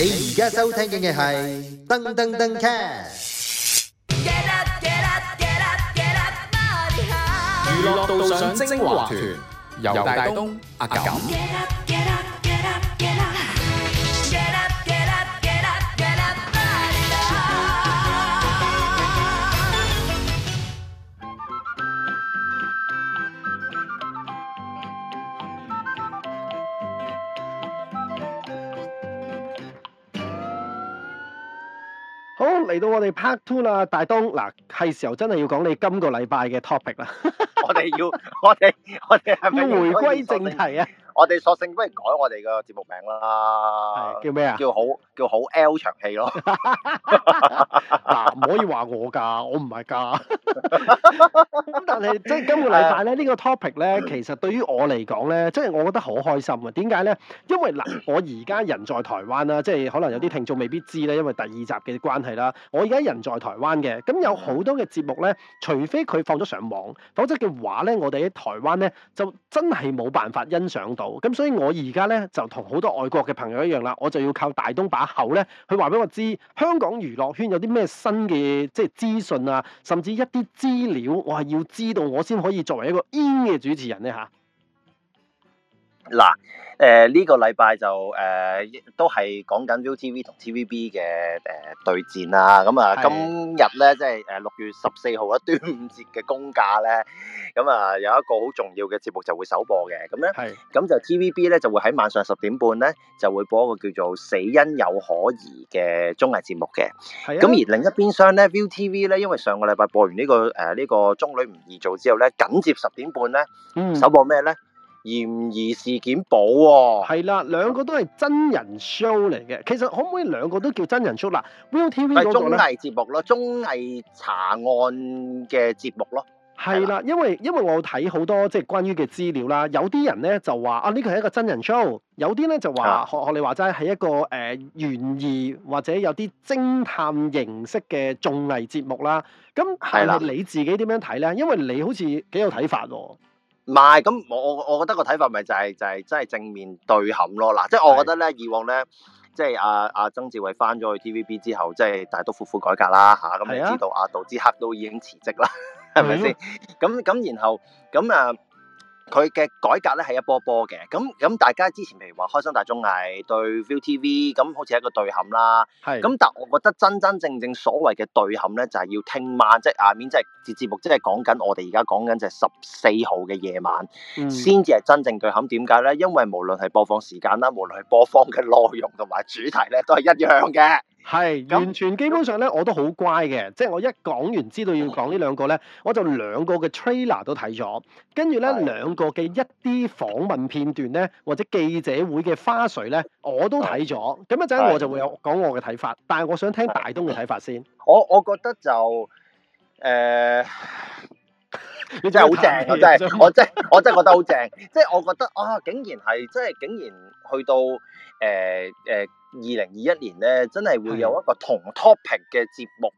你而家收聽緊嘅係《噔噔噔 Catch》，娛樂道上精華團，由大東、阿感。嚟到我哋 part two 啦，大東嗱，係時候真係要講你今個禮拜嘅 topic 啦。 我哋要，我哋我哋係咪回歸正題啊？ 我哋索性不如改我哋嘅節目名啦，叫咩啊？叫好叫好 L 長戲咯。嗱， 唔可以話我㗎，我唔係㗎。咁 但係即係今個禮拜咧，呢 個 topic 咧，其實對於我嚟講咧，即係我覺得好開心啊！點解咧？因為嗱，我而家人在台灣啦，即係可能有啲聽眾未必知咧，因為第二集嘅關係啦。我而家人在台灣嘅，咁有好多嘅節目咧，除非佢放咗上網，否則嘅話咧，我哋喺台灣咧就真係冇辦法欣賞到。咁所以我，我而家咧就同好多外國嘅朋友一樣啦，我就要靠大東把口咧，佢話俾我知香港娛樂圈有啲咩新嘅即係資訊啊，甚至一啲資料，我係要知道，我先可以作為一個 in 嘅主持人咧、啊、嚇。嗱，誒呢個禮拜就誒都係講緊 ViuTV 同 TVB 嘅誒對戰啦。咁啊，今日咧即係誒六月十四號啊，端午節嘅公假咧，咁啊有一個好重要嘅節目就會首播嘅。咁咧，咁就 TVB 咧就會喺晚上十點半咧就會播一個叫做《死因有可疑》嘅綜藝節目嘅。咁而另一邊廂咧，ViuTV 咧，因為上個禮拜播完呢個誒呢個《中女唔易做》之後咧，緊接十點半咧首播咩咧？嫌疑事件簿喎，哦，係啦，兩個都係真人 show 嚟嘅。其實可唔可以兩個都叫真人 show？嗱 ViuTV 嗰個咧，係綜藝節目咯，綜藝查案嘅節目咯。係啦，因為因為我睇好多即係關於嘅資料啦，有啲人咧就話啊呢個係一個真人 show，有啲咧就話學學你話齋係一個誒懸疑或者有啲偵探形式嘅綜藝節目啦。咁係咪你自己點樣睇咧？的因為你好似幾有睇法喎。唔係，咁我我我覺得個睇法咪就係、是、就係、是、真係正面對撼咯，嗱，即係我覺得咧，是的 以往咧，即係阿阿曾志偉返咗去 TVB 之後，即、就、係、是、大都苦苦改革啦嚇，咁你的、啊、知道阿、啊、杜之克都已經辭職啦，係咪先？咁咁、 嗯、然後咁啊。佢嘅改革咧係一波波嘅，咁咁大家之前譬如話《開心大綜藝》對 ViuTV，咁好似係一個對撼啦。係的。咁但係我覺得真真正正所謂嘅對撼咧，就係、是、要聽晚，即係下面即係節節目，即係講緊我哋而家講緊就係十四號嘅夜晚，先至係真正對撼。點解咧？因為無論係播放時間啦，無論係播放嘅內容同埋主題咧，都係一樣嘅。係，完全基本上咧，我都好乖嘅，即係我一講完知道要講呢兩個咧，我就兩個嘅 trailer 都睇咗，跟住咧兩個嘅一啲訪問片段咧，或者記者會嘅花絮咧，我都睇咗，咁一陣我就會有講我嘅睇法，但係我想聽大東嘅睇法先。我我覺得就誒，呃、 你 真係好正，我真係我真我真覺得好正，即係 我覺得啊，竟然係即係竟然去到誒誒。呃呃二零二一年咧，真係會有一個同 topic 嘅節目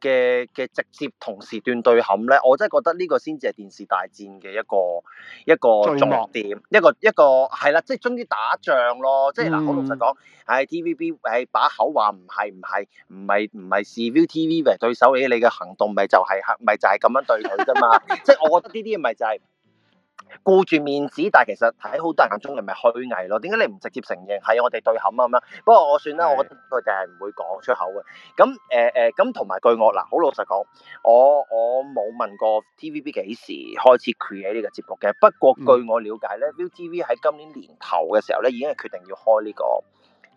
嘅嘅直接同時段對撼咧，我真係覺得呢個先至係電視大戰嘅一個一個重點，名一個一個係啦，即係終於打仗咯，即係嗱，嗯、我老實講，係 TVB 係把口話唔係唔係唔係唔係 ViuTV 嚟，是是是 TV, 對手嚟，你嘅行動咪就係、是、咪就係、是、咁樣對佢啫嘛， 即係我覺得呢啲咪就係、是。顧住面子，但係其實睇好多人眼中虛偽你咪虛偽咯。點解你唔直接承認係我哋對撼啊？咁樣，不過我算啦的、呃，我覺得佢哋係唔會講出口嘅。咁誒誒，咁同埋據我嗱，好老實講，我我冇問過 TVB 幾時開始 create 呢個節目嘅。不過據我了解咧、嗯、ViuTV 喺今年年頭嘅時候咧，已經係決定要開呢個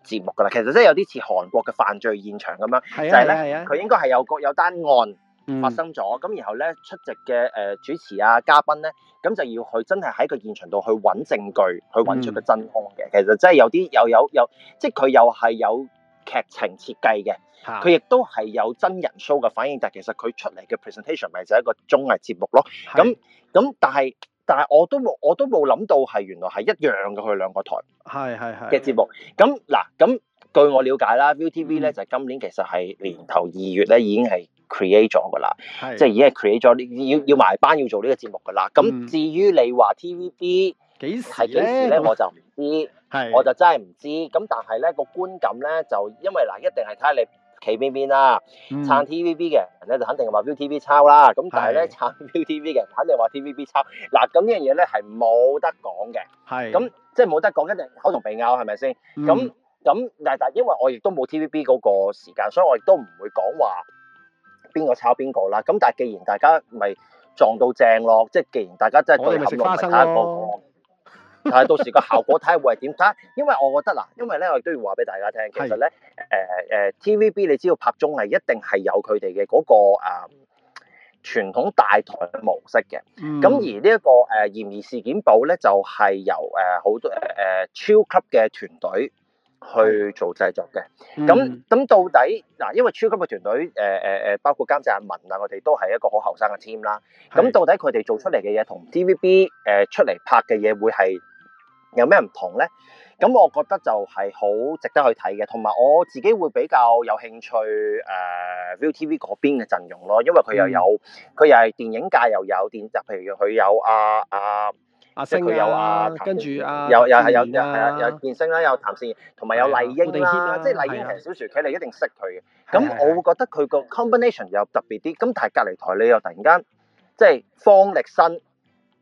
節目噶啦。其實即係有啲似韓國嘅犯罪現場咁樣，的就係咧佢應該係有個有單案。嗯、發生咗咁，然後咧出席嘅誒、呃、主持啊嘉賓咧，咁就要去真係喺個現場度去揾證據，去揾出個真相嘅。嗯、其實真係有啲又有，有有，即係佢又係有劇情設計嘅，佢亦都係有真人 show 嘅反應。但係其實佢出嚟嘅 presentation 咪就係一個綜藝節目咯。咁咁是的，但係但係我都冇我都冇諗到係原來係一樣嘅佢兩個台係係係嘅節目。咁嗱咁。的據我了解啦，ViuTV 咧就係、是、今年其實係年頭二月咧已經係 create 咗噶啦，是的 即係已經係 create 咗要要埋班要做呢個節目噶啦。咁至於你話 TVB 係幾時咧，我就唔知，是的 我就真係唔知。咁但係咧個觀感咧就因為嗱，一定係睇你企邊邊啦，撐 TVB 嘅人咧就肯定話 ViuTV 抄啦。咁但係咧撐 ViuTV 嘅人肯定話 TVB 抄。嗱、啊，咁呢樣嘢咧係冇得講嘅。係是的。咁即係冇得講，一定口同鼻拗係咪先？咁咁嗱，但因為我亦都冇 TVB 嗰個時間，所以我亦都唔會講話邊個抄邊個啦。咁但係既然大家咪撞到正咯，即係既然大家真係對合作嚟睇個講，但係到時個效果睇下會係點睇？因為我覺得嗱，因為咧我亦都要話俾大家聽，其實咧誒誒 TVB 你知道拍綜藝一定係有佢哋嘅嗰個誒、呃、傳統大台模式嘅。咁、嗯、而呢、這、一個誒疑、呃、嫌疑事件簿咧，就係、是、由誒好多誒超級嘅團隊，去做製作嘅，咁咁、嗯、到底嗱，因為超級嘅團隊，誒誒誒，包括監製阿文啊，我哋都係一個好後生嘅 team 啦。咁是到底佢哋做出嚟嘅嘢同 TVB 誒出嚟拍嘅嘢會係有咩唔同咧？咁我覺得就係好值得去睇嘅，同埋我自己會比較有興趣誒、呃、ViuTV 嗰邊嘅陣容咯，因為佢又有佢、嗯、又係電影界又有電，就譬如佢有阿阿。啊啊阿星佢有啊，跟住啊，有，又係有，係啊，有變星啦，有談善言，同埋有麗英，即係麗英其實小薯茄佢哋一定識佢嘅。咁我會覺得佢個 combination 又特別啲。咁但係隔離台你又突然間即係方力申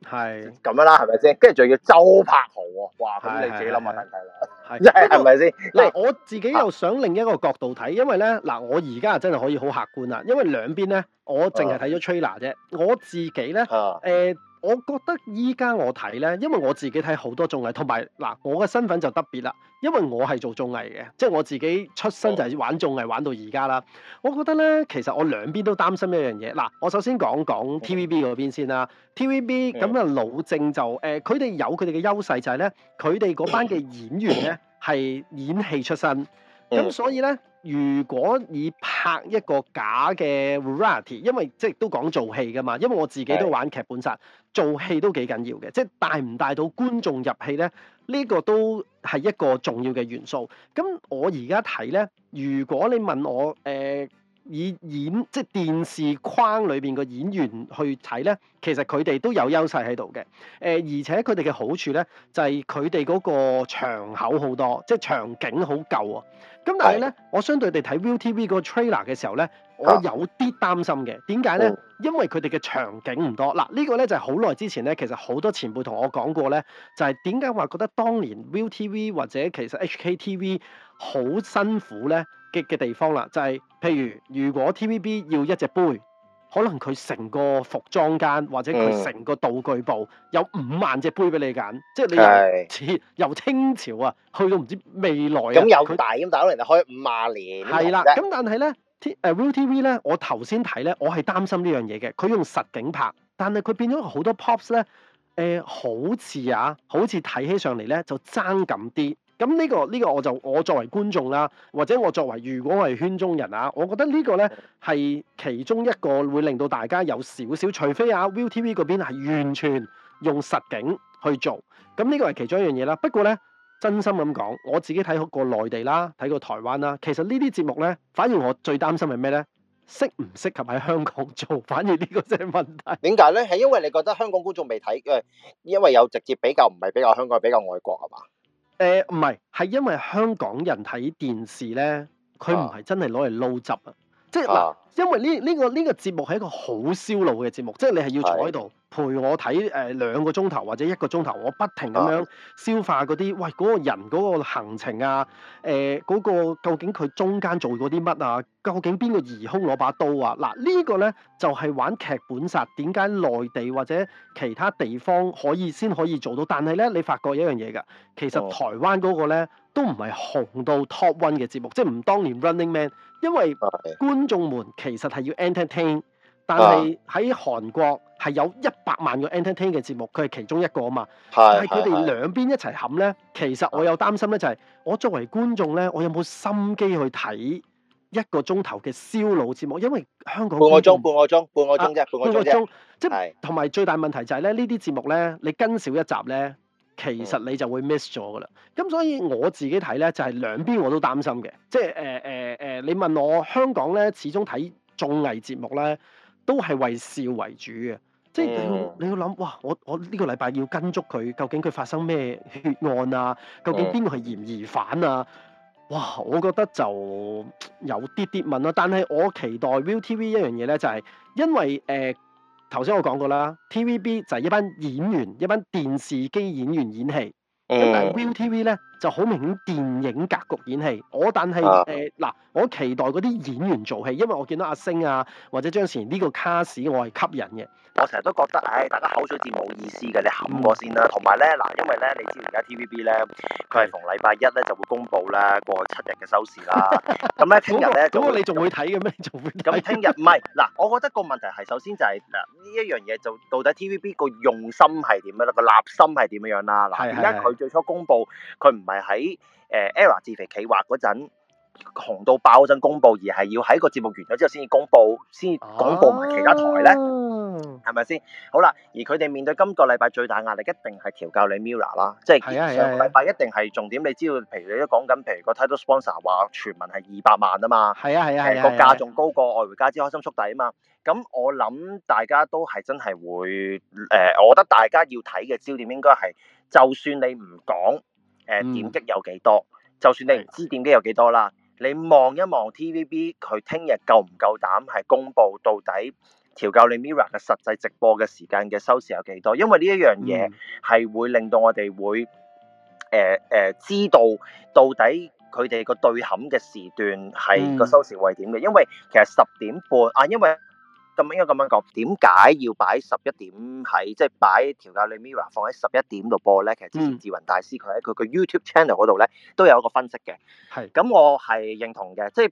係咁樣啦，係咪先？跟住仲要周柏豪喎，哇！你自己諗下睇睇啦，係係咪先？嗱，我自己又想另一個角度睇，因為咧嗱，我而家真係可以好客觀啊，因為兩邊咧我淨係睇咗 trailer 啫，我自己咧誒。我覺得依家我睇咧，因為我自己睇好多綜藝，同埋嗱，我嘅身份就特別啦，因為我係做綜藝嘅，即係我自己出身就係玩綜藝，玩到而家啦。我覺得咧，其實我兩邊都擔心一樣嘢。嗱，我首先講講 TVB 嗰邊先啦。TVB 咁啊老正就，誒，佢哋有佢哋嘅優勢就係咧，佢哋嗰班嘅演員咧係演戲出身。咁所以咧，如果以拍一個假嘅 variety，因為即係都講做戲噶嘛，因為我自己都玩劇本殺，做戲都幾緊要嘅，即係帶唔帶到觀眾入戲咧？呢、這個都係一個重要嘅元素。咁我而家睇咧，如果你問我誒、呃，以演即係電視框裏邊個演員去睇咧，其實佢哋都有優勢喺度嘅。誒、呃，而且佢哋嘅好處咧，就係佢哋嗰個場口好多，即係場景好夠啊！咁但係咧，是我相對地睇 ViuTV 個 trailer 嘅時候咧，啊、我有啲擔心嘅。點解咧？嗯、因為佢哋嘅場景唔多。嗱，這個、呢個咧就係好耐之前咧，其實好多前輩同我講過咧，就係點解話覺得當年 ViuTV 或者其實 HKTV 好辛苦咧，嘅嘅地方啦，就係、是、譬如如果 TVB 要一隻杯。可能佢成個服裝間或者佢成個道具部、嗯、有五萬隻杯俾你揀，即係你由，由是清朝啊去到唔知未來啊，咁有大咁大，可能就開五萬年。係啦，咁但係咧，誒 Viu TV 咧，我頭先睇咧，我係擔心呢樣嘢嘅。佢用實景拍，但係佢變咗好多 props 咧，誒、呃、好似啊，好似睇起上嚟咧就爭咁啲。咁呢，呢個呢，呢個我就我作為觀眾啦，或者我作為如果我係圈中人啊，我覺得呢個呢係其中一個會令到大家有少少，啊，除非啊 ViuTV 嗰邊係完全用實景去做，咁呢個係其中一樣嘢啦。不過呢，真心咁講，我自己睇好過內地啦，睇過台灣啦，其實呢啲節目呢，反而我最擔心係咩呢？適唔適合喺香港做？反而呢個先係問題。點解呢？係因為你覺得香港觀眾未睇，因為因為有直接比較，唔係比較香港比較外國係嘛？誒唔係，係、呃、因為香港人睇電視咧，佢唔係真係攞嚟撈汁啊！即係嗱，啊、因為呢、這、呢個呢、這個節目係一個好燒腦嘅節目，即係你係要坐喺度陪我睇誒兩個鐘頭或者一個鐘頭，我不停咁樣消化嗰啲，啊、喂嗰、那個人嗰個行程啊，誒、呃、嗰、那個究竟佢中間做過啲乜啊？究竟邊個疑兇攞把刀啊？嗱、啊這個、呢個咧就係、是、玩劇本殺，點解內地或者其他地方可以先可以做到？但係咧，你發覺一樣嘢㗎，其實台灣嗰個咧。啊都唔係紅到 top one 嘅節目，即係唔當年 Running Man，因為觀眾們其實係要 entertain，但係喺韓國係有一百萬個 entertain 嘅節目，佢係其中一個啊嘛。但係佢哋兩邊一齊冚咧，其實我有擔心咧，就係我作為觀眾咧，我有冇心機去睇一個鐘頭嘅燒腦節目？因為香港半個鐘、半個鐘、半個鐘啫，半個鐘。即係同埋最大問題就係咧，呢啲節目咧，你跟少一集咧。其實你就會 miss 咗噶啦，咁所以我自己睇咧就係、是、兩邊我都擔心嘅，即係誒誒誒，你問我香港咧，始終睇綜藝節目咧都係為笑為主嘅，即係你要你要諗，哇！我我呢個禮拜要跟足佢，究竟佢發生咩血案啊？究竟邊個係嫌疑犯啊？哇！我覺得就有啲啲問咯、啊，但係我期待 Viu TV 一樣嘢咧，就係、是、因為誒。呃頭先我講過啦，TVB 就係一班演員，一班電視機演員演戲，咁、嗯、但係 ViuTV 咧就好明顯電影格局演戲。我但係誒嗱，我期待嗰啲演員做戲，因為我見到阿星啊或者張善呢個卡士我係吸引嘅。我成日都覺得，唉、哎，大家口水戰冇意思嘅，你冚我先啦。同埋咧，嗱，因為咧，你知而家 TVB 咧，佢係逢禮拜一咧就會公布啦個七日嘅收視啦。咁咧， 聽日咧，咁你仲會睇嘅咩？仲會咁聽日？唔係嗱，我覺得個問題係首先就係、是、嗱，呢一樣嘢就到底 TVB 個用心係點樣咧？個立心係點樣樣啦？嗱的，而家佢最初公布，佢唔係喺誒 Error 自肥企劃嗰陣紅到爆嗰陣公布，而係要喺個節目完咗之後先至公布，先至公佈埋、啊、其他台咧。係咪先？好啦，而佢哋面對今個禮拜最大壓力，一定係調教你 Mirror 啦，即係上個禮拜一定係重點。你知道，譬如你都講緊，譬如個 title sponsor 話全民係二百萬啊嘛，係啊係啊係啊，個價仲高過愛回家之開心速遞啊嘛。咁、嗯、我諗大家都係真係會誒、呃，我覺得大家要睇嘅焦點應該係，就算你唔講誒點擊有幾多，嗯、就算你唔知點擊有幾多啦，的你望一望 TVB 佢聽日夠唔夠膽係公布到底調教你 m i r r o r 嘅實際直播嘅時間嘅收視有幾多？因為呢一樣嘢係會令到我哋會誒誒、呃呃、知道到底佢哋個對冚嘅時段係個、嗯、收視會係點嘅。因為其實十點半啊，因為咁樣應該咁樣講，點解要擺十一點喺即係擺調教你 m i r r o r 放喺十一點度播咧？其實之前志雲大師佢喺佢個 YouTube channel 嗰度咧都有一個分析嘅。係咁是，我係認同嘅，即係。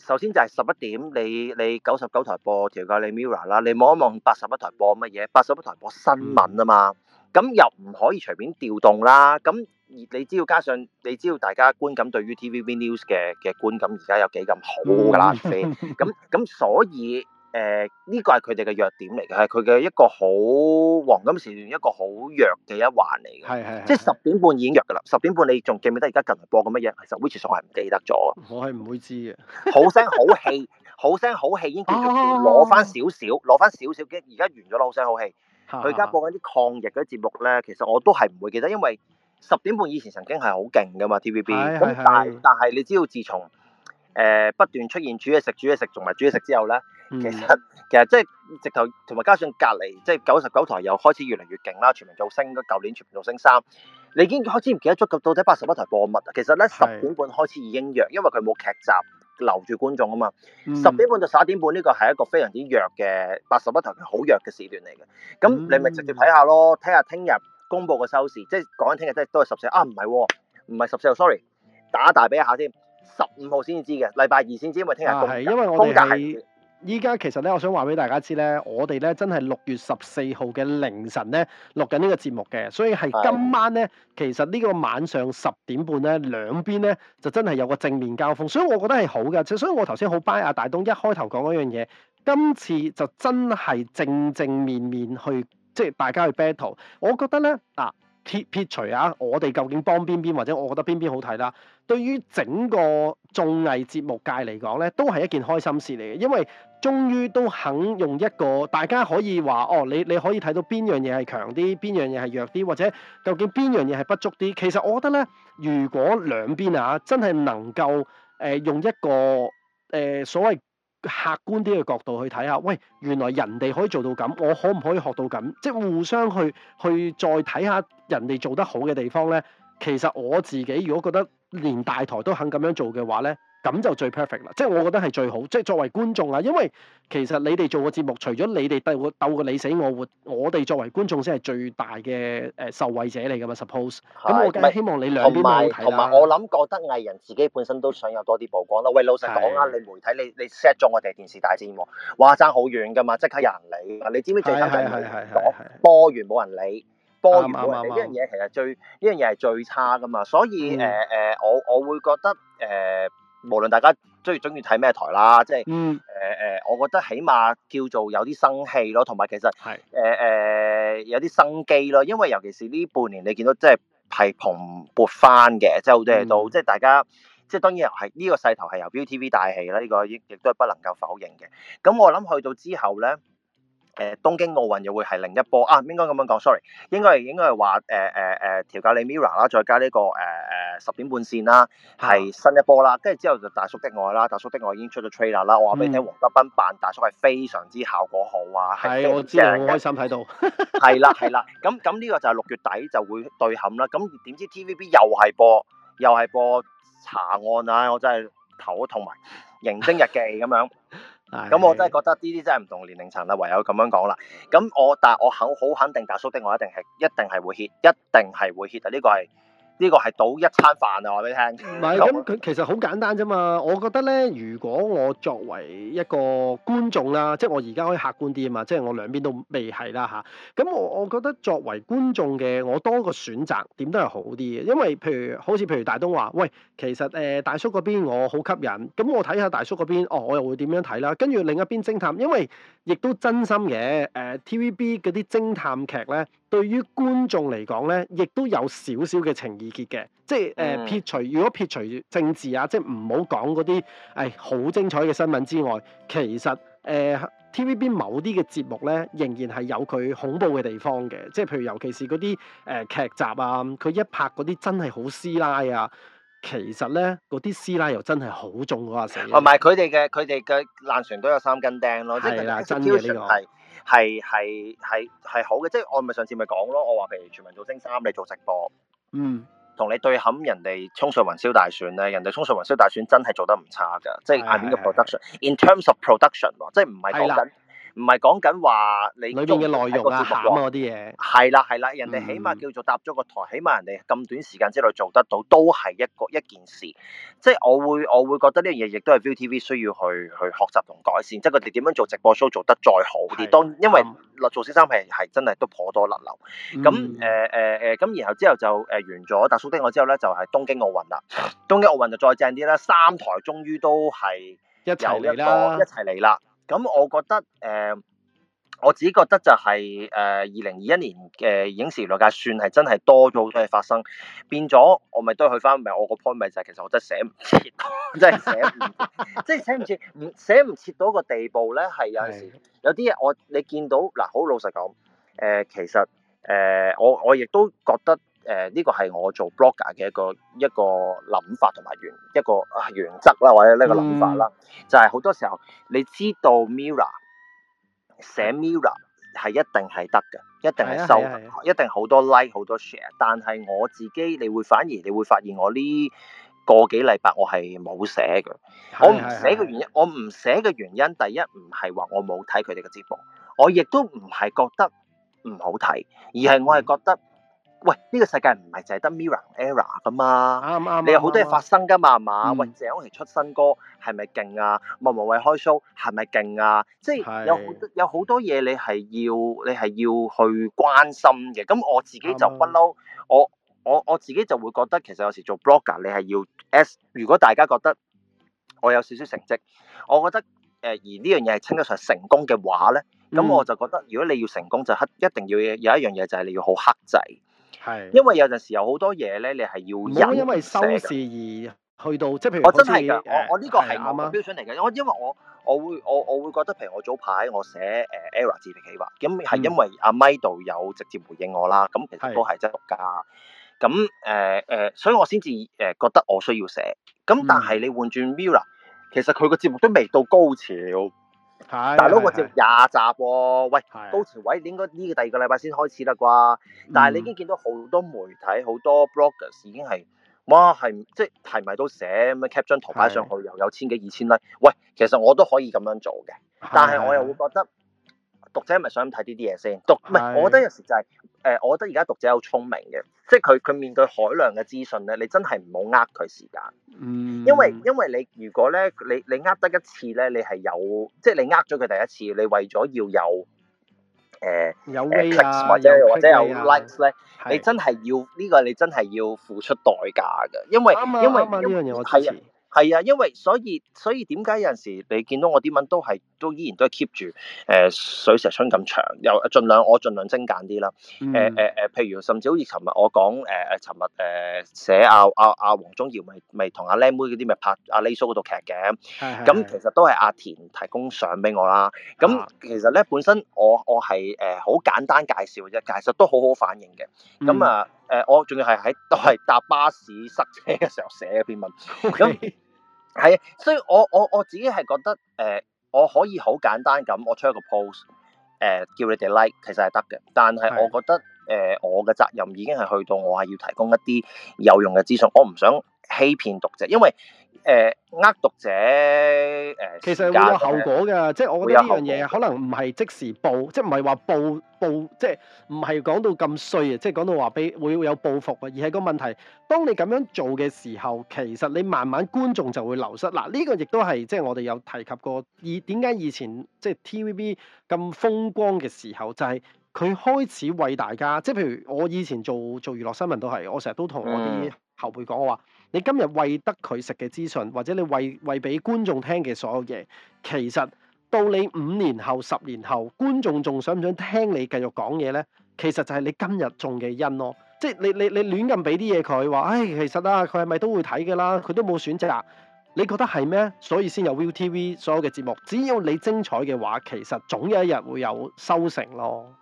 首先就係十一點，你你九十九台播調教你 Mirror 啦，你望一望八十一台播乜嘢？八十一台播新聞啊嘛，咁又唔可以隨便調動啦。咁你知道加上你知道大家觀感對於 TVB News 嘅嘅觀感而家有幾咁好㗎啦，咁咁所以。誒呢、呃，這個係佢哋嘅弱點嚟嘅，係佢嘅一個好黃金時段，一個好弱嘅一環嚟嘅。係係是即係十點半已經弱㗎啦。十點半你仲記唔記得而家近嚟播緊乜嘢？其實 which show、er、係唔記得咗。我係唔會知嘅。好聲好氣， 好聲好氣已經繼續攞翻少少，攞翻少少嘅。而家 完咗啦，好聲好氣。佢而家播緊啲抗日嘅啲節目咧，其實我都係唔會記得，因為十點半以前曾經係好勁㗎嘛。T V B 咁，但係但係你知道自從，自從誒不斷出現煮嘢食、煮嘢食，同埋煮嘢食之後咧。嗯、其實其實即係直頭，同埋加上隔離，即係九十九台又開始越嚟越勁啦。全民造星，舊年全民造星三，你已經開始唔記得咗，到底八十一台播乜啊？其實咧十點半開始已經弱，因為佢冇劇集留住觀眾啊嘛。十、嗯、點半到十一點半呢、呢個係一個非常之弱嘅八十一台，好弱嘅時段嚟嘅。咁你咪直接睇下咯，睇下聽日公佈嘅收視，即係講緊聽日，即係都係十四啊，唔係喎，唔係十四號 sorry，打大俾一下先，十五號先至知嘅，禮拜二先知，因為聽日公假係。依家其實咧，我想話俾大家知咧，我哋咧真係六月十四號嘅凌晨咧錄緊呢個節目嘅，所以係今晚咧，其實呢個晚上十點半咧，兩邊咧就真係有個正面交鋒，所以我覺得係好嘅。所以我頭先好 buy 阿大東一開頭講嗰樣嘢，今次就真係正正面面去，即係大家去 battle。我覺得咧，啊撇撇除啊，我哋究竟幫邊邊或者我覺得邊邊好睇啦。對於整個綜藝節目界嚟講咧，都係一件開心事嚟嘅，因為終於都肯用一個大家可以話哦，你你可以睇到邊樣嘢係強啲，邊樣嘢係弱啲，或者究竟邊樣嘢係不足啲。其實我覺得咧，如果兩邊啊，真係能夠誒、呃、用一個誒、呃、所謂客觀啲嘅角度去睇下，喂，原來人哋可以做到咁，我可唔可以學到咁？即係互相去去再睇下人哋做得好嘅地方咧。其實我自己如果覺得連大台都肯咁樣做嘅話咧，咁就最 perfect 啦。即係我覺得係最好。即係作為觀眾啊，因為其實你哋做個節目，除咗你哋鬥鬥個你死我活，我哋作為觀眾先係最大嘅誒受惠者嚟噶嘛。Suppose 咁我梗係希望你兩邊都好睇。同埋我諗覺得藝人自己本身都想有多啲曝光啦。喂，老實講啊，你媒體你你 set 咗我哋電視大戰喎，話爭好遠噶嘛，即刻有人理。你知唔知最慘係咩？講播完冇人理。波弱呢樣嘢其實最呢樣嘢係最差噶嘛，所以誒誒、嗯呃，我我會覺得誒、呃，無論大家中意中意睇咩台啦，即係誒誒，我覺得起碼叫做有啲生氣咯，同埋其實誒誒是、呃、有啲生機咯，因為尤其是呢半年你見到即係係蓬勃翻嘅、嗯，即係好多嘢都即係大家即係當然係呢、這個勢頭係由 ViuTV 帶起啦，呢、這個亦亦都係不能夠否認嘅。咁我諗去到之後咧。誒東京奧運又會係另一波啊，應該咁樣講，sorry，應該係應該係話誒誒誒調教你 Mirror 啦，再加呢、這個誒誒、呃、十點半線啦，係、啊、新一波啦，跟住之後就大叔的愛啦，大叔的愛已經出咗 trailer 啦，我話俾你聽，黃德斌扮大叔係非常之效果好啊，係我知啊，開心睇到，係啦係啦，咁咁呢個就係六月底就會對撼啦，咁點知 TVB 又係播又係播查案啊，我真係頭都痛埋，刑偵日記咁樣。 咁我真係覺得呢啲真係唔同年齡層啦，唯有咁樣講啦。咁我但係我肯好肯定，大叔的我一定係一定係會 hit，一定係會 hit 啊！呢個係。呢個係賭一餐飯啊！我話俾你聽。唔 係，咁佢其實好簡單啫嘛。我覺得咧，如果我作為一個觀眾啦，即係我而家可以客觀啲啊嘛，即係我兩邊都未係啦吓，咁、啊、我我覺得作為觀眾嘅，我多個選擇點都係好啲嘅。因為譬如好似譬如大東話，喂，其實誒大叔嗰邊我好吸引，咁我睇下大叔嗰邊，哦，我又會點樣睇啦？跟住另一邊偵探，因為亦都真心嘅誒、呃、TVB 嗰啲偵探劇咧。對於觀眾嚟講咧，亦都有少少嘅情意結嘅，即係誒、呃、撇除如果撇除政治啊，即係唔好講嗰啲誒好精彩嘅新聞之外，其實誒、呃、TVB 某啲嘅節目咧，仍然係有佢恐怖嘅地方嘅，即係譬如尤其是嗰啲誒劇集啊，佢一拍嗰啲真係好師奶啊，其實咧嗰啲師奶又真係好重嗰下成。同埋佢哋嘅佢哋嘅爛船都有三根釘咯，即係佢哋真嘅呢個。係係係係好嘅，即係我咪上次咪講咯，我話譬如全民造星三，你做直播，嗯，同你對撼人哋沖上雲霄大選咧，人哋沖上雲霄大選真係做得唔差㗎，即係外面嘅的 I mean production，in terms of production，即係唔係講緊。唔係講緊話你裏邊嘅內容啦，慘啊嗰啲嘢，係啦係啦，人哋起碼叫做搭咗個台，起碼人哋咁短時間之內做得到，都係一個一件事。即係我會我會覺得呢樣嘢亦都係 ViuTV 需要去去學習同改善，即係佢哋點樣做直播 show 做得再好啲。當因為做色三係係真係都頗多甩漏。咁誒誒誒，咁然後之後就誒完咗大叔的愛，我之後咧，就係東京奧運啦。東京奧運就再正啲啦，三台終於都係一齊嚟啦，一齊嚟啦。咁我覺得誒、呃，我自己覺得就係誒二零二一年嘅影視娛樂界算係真係多咗好多嘢發生，變咗我咪都去翻，咪我個 point 咪就係、是、其實我真係寫唔切， 真係寫唔，即、就、係、是、寫唔切，唔寫唔切到個地步咧，係有時有啲嘢我你見到嗱，好老實講，誒、呃、其實誒、呃、我我亦都覺得。誒呢、呃，這個係我做 b l o g 嘅一個一個諗法同埋原一個原則啦，或者呢個諗法啦，嗯、就係好多時候你知道 Mirror 寫 Mirror 係一定係得嘅，一定係收，啊啊啊、一定好多 like 好多 share。但係我自己你會反而你會發現我呢個幾禮拜我係冇寫嘅，啊啊啊、我唔寫嘅原因，我唔寫嘅原因，第一唔係話我冇睇佢哋嘅節目，我亦都唔係覺得唔好睇，而係我係覺得、嗯。喂，呢、這個世界唔係淨係得 Mirror 同 Error 㗎嘛？啱啱、嗯。嗯、你有好多嘢發生㗎嘛？係嘛、嗯？喂，鄭欣宜出新歌係咪勁啊？莫文蔚開 show 係咪勁啊？即、就、係、是、有好多是有好多嘢，你係要你係要去關心嘅。咁我自己就不嬲、嗯，我我我自己就會覺得其實有時做 Blogger 你係要 s 如果大家覺得我有少少成績，我覺得誒、呃、而呢樣嘢係稱得上成功嘅話咧，咁我就覺得如果你要成功就黑一定要有一樣嘢就係你要好剋制。係，是因為有陣時有好多嘢咧，你係要唔好因為收視而去到，即係譬如我真係噶、呃，我我呢個係我標準嚟嘅，我因為我我會我我會覺得，譬如我早排我寫誒 Error 自肥企畫，咁係因為阿 Mido、嗯、有直接回應我啦，咁其實都係真獨家，咁誒誒，所以我先至誒覺得我需要寫，咁但係你換轉 Mirror，其實佢個節目都未到高潮。 大佬，我接廿集喎、哦。喂，是的 高潮位應該呢個第二個禮拜先開始啦啩。但係你已經見到好多媒體、好多 bloggers 已經係，哇，係即係咪都寫咁樣 cap 張圖擺上去，又是的 有千幾、二千粒。喂，其實我都可以咁樣做嘅，但係我又會覺得。讀者係咪想睇呢啲嘢先？讀唔係？我覺得有時就係、是、誒、呃，我覺得而家讀者好聰明嘅，即係佢佢面對海量嘅資訊咧，你真係唔好呃佢時間。嗯因。因為因為你如果咧，你你呃得一次咧，你係有即係你呃咗佢第一次，你為咗要有誒，呃、有 click 或者或者有 likes 咧、啊，呢是你真係要呢、這個，你真係要付出代價嘅。因為吧因為呢樣嘢我知。係啊，因為所以所以點解有陣時你見到我啲文都係都依然都係 keep 住誒、呃、水蛇春咁長，又盡量我盡量精簡啲啦。誒誒誒，譬如甚至好似尋日我講誒誒，尋日誒寫阿阿阿黃宗耀咪咪同阿靚妹嗰啲咪拍阿 Lee 叔嗰套劇嘅，咁，嗯，其實都係阿田提供相俾我啦。咁，嗯啊、其實咧本身我我係誒好簡單介紹啫，但係其實都好好反應嘅。咁啊誒我仲要係喺都係搭巴士塞車嘅時候寫嘅篇文。 係，所以我我我自己係覺得，誒、呃，我可以好簡單咁，我出一個 post 誒，叫你哋 like，其實係得嘅。但係我覺得，誒是的、呃，我嘅責任已經係去到我係要提供一啲有用嘅資訊，我唔想欺騙讀者，因為，誒、呃，呃讀者誒，時間其實會有後果嘅，果即係我覺得呢樣嘢可能唔係即時報，即係唔係話報報，報報即係唔係講到咁衰啊，即係講到話俾會有報復啊，而係個問題，當你咁樣做嘅時候，其實你慢慢觀眾就會流失。嗱，呢、這個亦都係即係我哋有提及過，以點解以前即係 TVB 咁風光嘅時候，就係、是、佢開始為大家，即係譬如我以前做做娛樂新聞都係，我成日都同我啲後輩講，我話。你今日餵得佢食嘅資訊，或者你餵餵俾觀眾聽嘅所有嘢，其實到你五年後、十年後，觀眾仲想唔想聽你繼續講嘢咧？其實就係你今日種嘅因咯，即係你你你亂咁俾啲嘢佢話，唉、哎，其實啊，佢係咪都會睇㗎啦？佢都冇選擇啊，你覺得係咩？所以先有 Viu TV 所有嘅節目，只要你精彩嘅話，其實總有一日會有收成咯。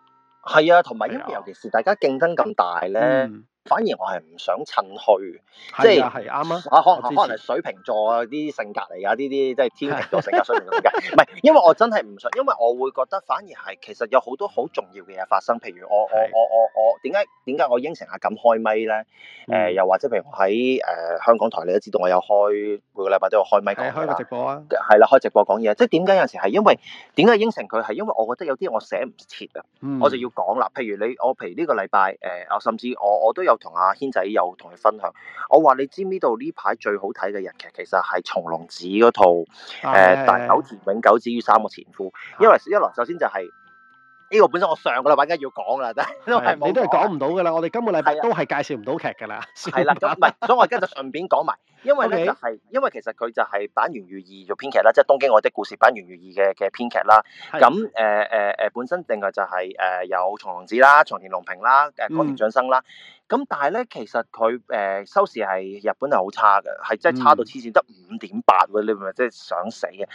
係啊，同埋因為尤其是大家競爭咁大咧。嗯反而我係唔想襯佢，即係係啱啊！可、啊、可能係支水瓶座啲、啊、性格嚟噶，呢啲即係天秤座是的 性格水瓶座唔係，是的 因為我真係唔想，因為我會覺得反而係其實有好多好重要嘅嘢發生。譬如我我是的 我我我點解點解我，我應承下咁開咪咧？誒、嗯、又或者譬如喺誒、呃、香港台，你都知道我有開每個禮拜都有開咪講下，開個直播啊，係啦，開直播講嘢。即係點解有時係因為點解應承佢係因為我覺得有啲我寫唔切啊，嗯、我就要講啦。譬如你我譬如呢個禮拜誒、呃、甚至我我都有。同阿軒仔又同佢分享，我話你知呢度呢排最好睇嘅日劇，其實係《松隆子》嗰套誒《大豆田永久子與三個前夫》的，因為一來首先就係、是、呢、這個本身我上個禮拜梗要講噶啦，都係你都係講唔到噶啦，我哋今個禮拜都係介紹唔到劇噶啦，係啦咁唔係，所以我而家就順便講埋。 因為咧就係，因為其實佢就係坂元裕二嘅編劇啦，即係《東京愛的故事》坂元裕二嘅嘅編劇啦。咁誒誒誒，本身定係就係誒有松隆子啦、松田龍平啦、誒岡田將生啦。咁、嗯、但係咧，其實佢誒收視係日本係好差嘅，係真係差到黐線，得五點八喎！你咪即係想死嘅。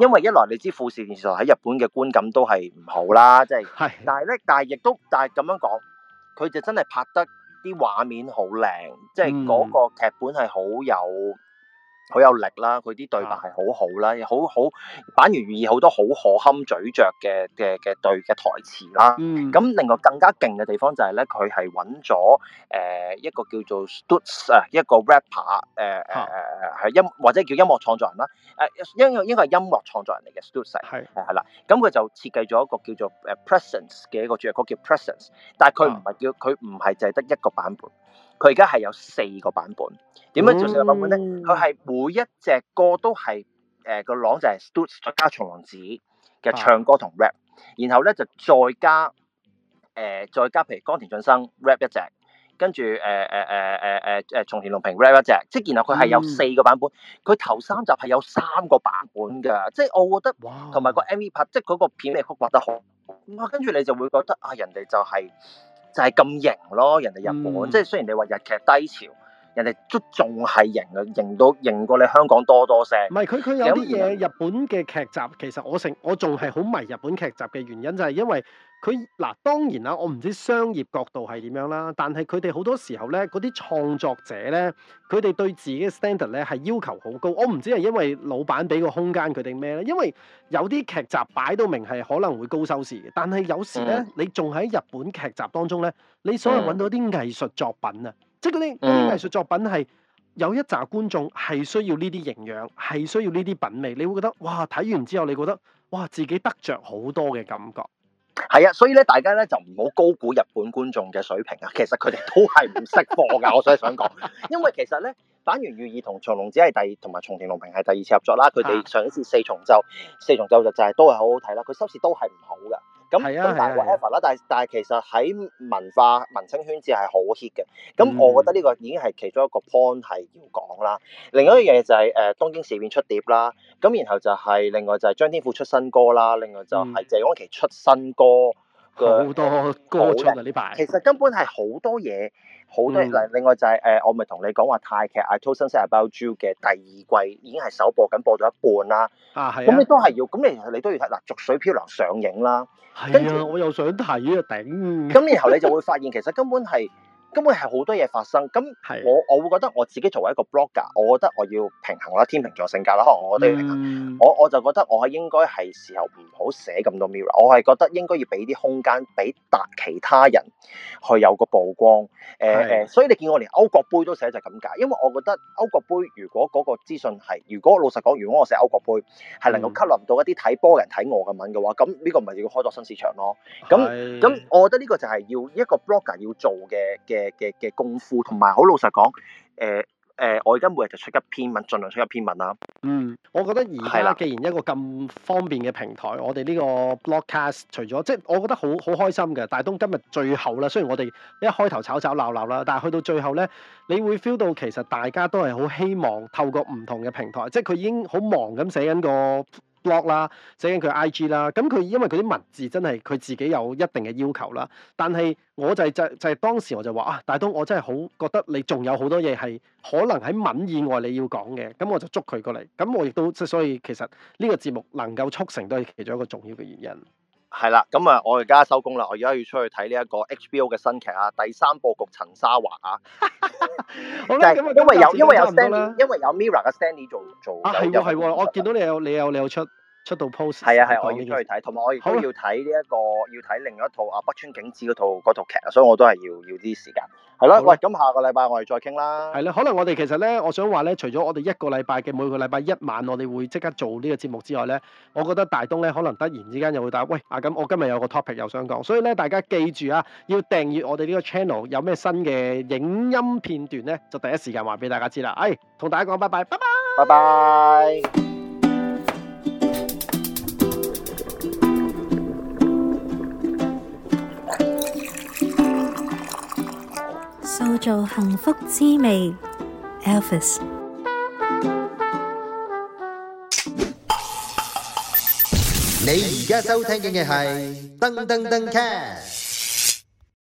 因為一來你知富士電視台喺日本嘅觀感都係唔好啦，即係。係。但係咧，但係亦都，但係咁樣講，佢就真係拍得。啲畫面好靚，即係嗰個劇本係好有。好有力啦，佢啲對白係好好啦，又好好，反而寓意好多好可堪咀嚼嘅嘅嘅對嘅台詞啦。咁、嗯、另外更加勁嘅地方就係咧，佢係揾咗誒一個叫做 Stuts 啊，一個 rapper 誒、呃、誒誒係音、啊、或者叫音樂創作人啦。誒、啊、應應該係音樂創作人嚟嘅 Stuts 係係啦。咁佢是、啊、就設計咗一個叫做誒 Presence 嘅一個主題曲，叫 Presence。但係佢唔係叫佢唔係淨係得一個版本。佢而家係有四個版本，點樣做四個版本咧？佢係每一隻歌都係誒個朗就係 STUTS 再加松隆子嘅唱歌同 rap，然後咧就再加誒、呃、再加譬如江田俊生 rap 一隻，跟住誒誒誒誒誒誒松田龍平 rap 一隻，即然後佢係有四個版本。佢、嗯、頭三集係有三個版本嘅，即係我覺得同埋哇個 MV 拍即係嗰、那個片尾曲畫得好啊，跟住你就會覺得啊人哋就係、是。啊就係咁型囉，人哋日本，嗯、即係雖然你話日劇低潮。人哋都仲係贏嘅，贏到贏過你香港多多聲。唔係，佢佢有啲嘢，日本嘅劇集其實我成我仲係好迷日本劇集嘅原因就係、是、因為佢嗱，當然啦，我唔知商業角度係點樣啦，但係佢哋好多時候咧，嗰啲創作者咧，佢哋對自己嘅 standard 咧係要求好高。我唔知係因為老闆俾個空間佢定咩咧？因為有啲劇集擺到明係可能會高收視嘅，但係有時咧，嗯、你仲喺日本劇集當中咧，你所揾到啲藝術作品啊。即係啲藝術作品係有一紮觀眾係需要呢啲營養，係需要呢啲品味，你會覺得哇睇完之後，你覺得哇自己得着好多嘅感覺。係啊，所以咧大家咧就唔好高估日本觀眾嘅水平啊。其實佢哋都係唔識貨㗎。 我所以想講，因為其實咧坂元裕二同松隆子係第同埋松田龍平係第二次合作啦。佢哋上一次四重奏四重奏就就係都係好好睇啦。佢收視都係唔好㗎。咁大個 ever 啦，但係但係其實喺文化文青圈子係好 hit 嘅，咁我覺得呢個已經係其中一個 point 係要講啦。另外一樣嘢就係誒東京事變出碟啦，咁然後就係另外就係張天賦出新歌啦，另外就係謝安琪出新歌。嗯好多歌唱啊！呢排其實根本係好多嘢，好多。另、嗯、另外就係、是、誒、呃，我咪同你講話泰劇《I Told Sunset About You》嘅第二季已經係首播緊，播咗一半啦。啊，係、啊。咁你都係要，咁你你都要睇嗱，《逐水漂流》上映啦。啊、跟住著我又想睇啊！頂。咁然後你就會發現，其實根本係。 根本係好多嘢發生，咁我我會覺得我自己作為一個 blogger，我覺得我要平衡啦，天秤座性格啦，可能我覺得要平衡，嗯、我我就覺得我係應該係時候唔好寫咁多 Mirror，我係覺得應該要俾啲空間俾達其他人去有個曝光，誒、呃、誒，是所以你見我連歐國盃都寫就咁解，因為我覺得歐國盃如果嗰個資訊係，如果老實講，如果我寫歐國盃係、嗯、能夠吸引到一啲睇波嘅人睇我嘅文嘅話，咁呢個唔係要開拓新市場咯，咁咁是我覺得呢個就係要一個 blogger 要做嘅嘅。嘅嘅嘅功夫，同埋好老實講，誒誒，我而家每日就出一篇文，盡量出一篇文啦。嗯，我覺得而家既然一個咁方便嘅平台，我哋呢個 broadcast 除咗即係，我覺得好好開心嘅。大東今日最後啦，雖然我哋一開頭吵吵鬧鬧啦，但係去到最後咧，你會 feel 到其實大家都係好希望透過唔同嘅平台，即係佢已經好忙咁寫緊個。blog 啦，寫緊佢 IG 啦，咁佢因為佢啲文字真係佢自己有一定嘅要求啦，但係我就係就就係當時我就話啊，大東我真係好覺得你仲有好多嘢係可能喺文以外你要講嘅，咁我就捉佢過嚟，咁我亦都即所以其實呢個節目能夠促成都係其中一個重要嘅原因。係啦，咁啊，我而家收工啦，我而家要出去睇呢一個 HBO 嘅新劇啊，第三部《局陳沙華》啊，因為有因為有 Sandy，因為有 Mirror 嘅 Sandy 做做，做啊，係係，我見到你有你有你有，你有出。出到 post 係啊係，我要出去睇，同埋我亦都要睇呢一個，要睇另一套啊北川景子嗰套嗰套劇啊，所以我都係要要啲時間。係咯，喂，咁下個禮拜我哋再傾啦。係啦，可能我哋其實咧，我想話咧，除咗我哋一個禮拜嘅每個禮拜一晚，我哋會即刻做呢個節目之外咧，我覺得大東咧，可能突然之間又會打喂啊，咁我今日有個 topic 又想講，所以咧大家記住啊，要訂閱我哋呢個 channel，有咩新嘅影音片段咧，就第一時間話俾大家知啦。誒，同大家講，拜拜，拜拜，拜拜。叫做，做幸福滋味，Elvis。你而家收聽嘅係噔噔噔 Cast。